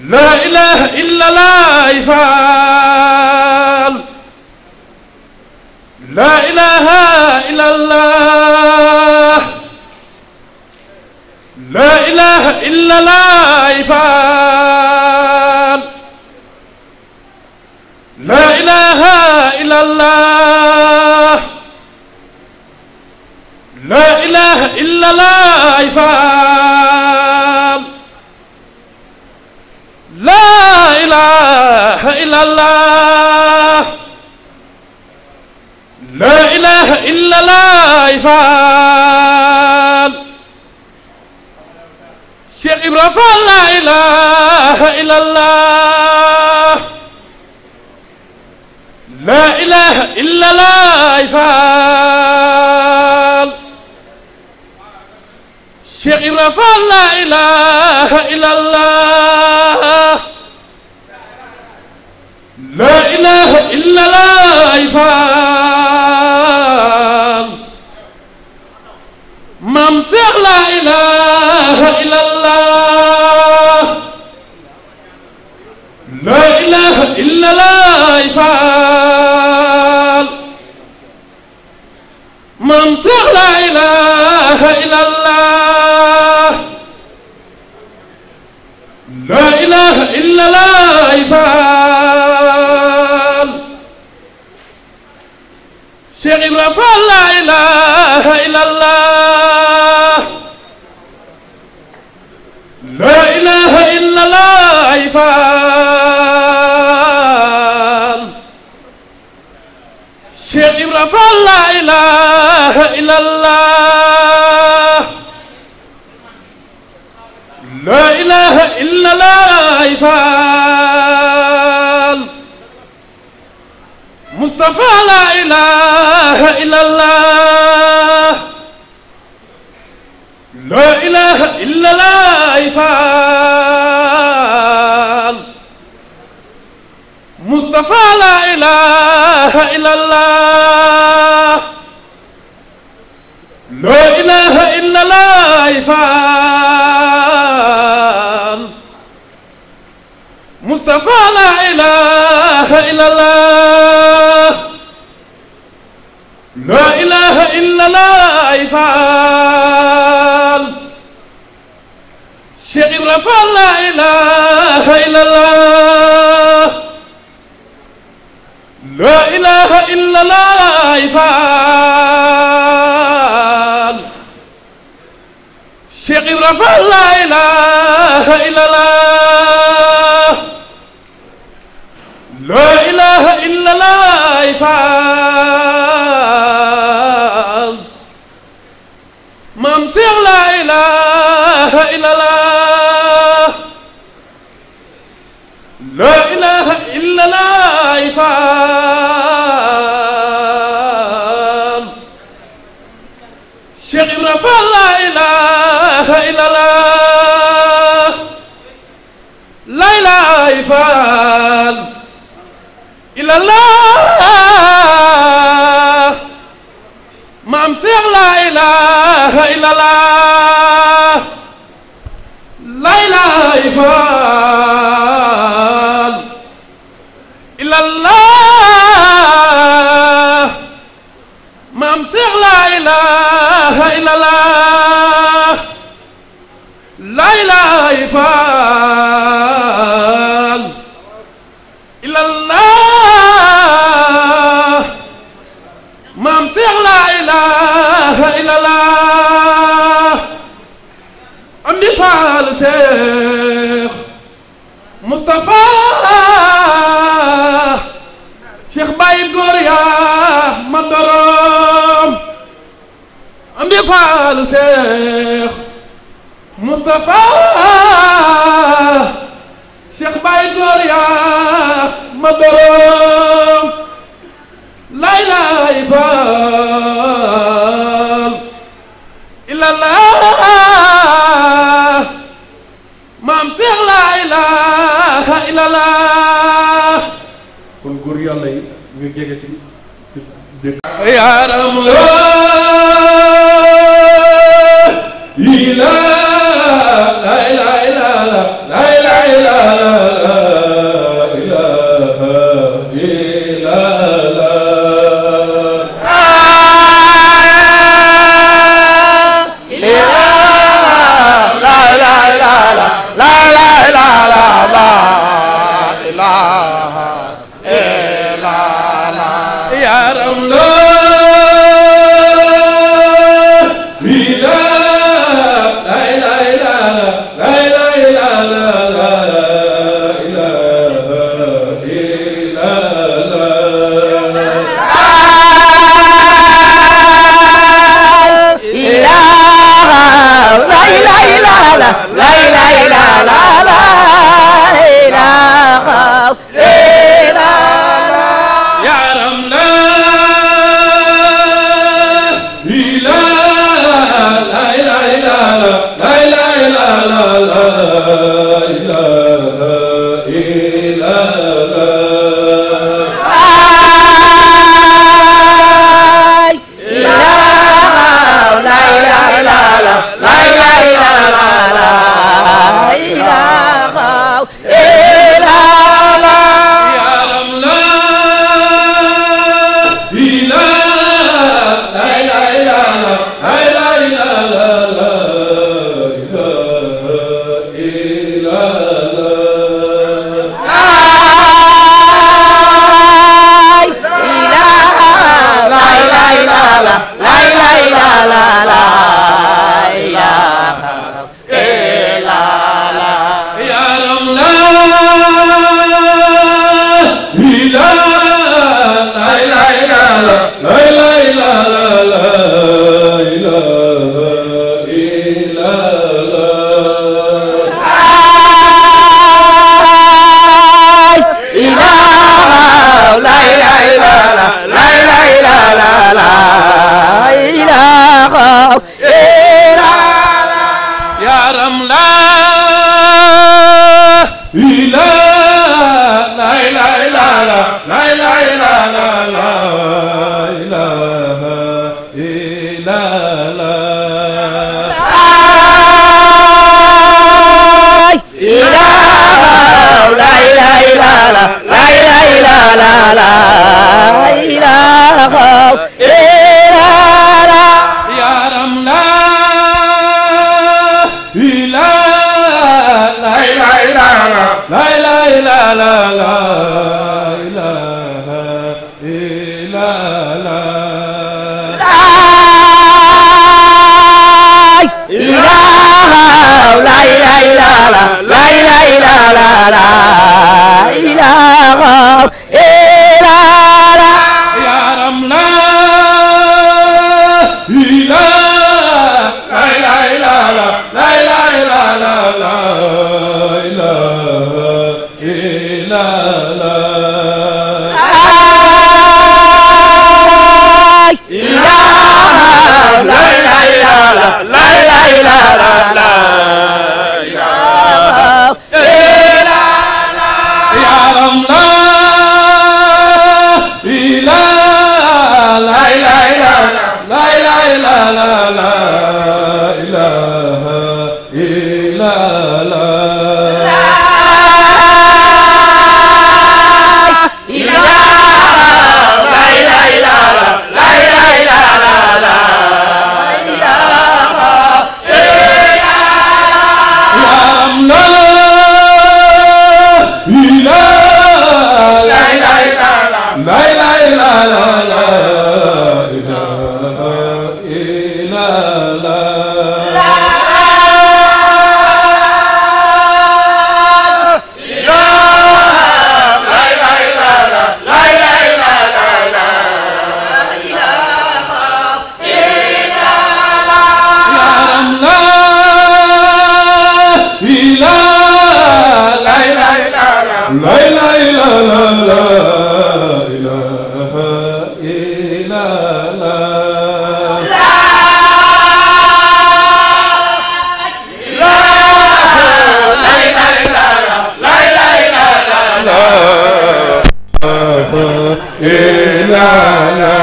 laa ilaha illa laay faal laa ilaha illa allah laa ilaha illa laay faal laa ilaha illa allah laa ilaha illa laay faal laa ilaaha illallah laa ilaaha illallah faal Cheikh Ibra Faal laa ilaaha illallah laa ilaaha illallah faal Cheikh Ibra Faal la ilaha illa laay faal maam seex la ilaha Cheikh Ibra Fall laa ilaaha illallah laa ilaaha illallah Fall Mustafa laa ilaaha illallah laa ilaaha illallah Fall Mustafa laa ilaaha ilaha illallah la ilaha illallah faal Mustafa la ilaha illallah la ilaha illallah faal Cheikh Ibra Fall la ilaha illallah mustafa la ilaha illallah la ilaha illallah ذكر فلا إله إلا الله لا إله إلا الله مام سيغ لا إله إلا الله لا إله إلا الله yaa ma doroom am di faalu seex Moustapha Cheikh Baye Góor yaa ma doroom yaa Ram la la la la la ila la la la la ila la ila eh,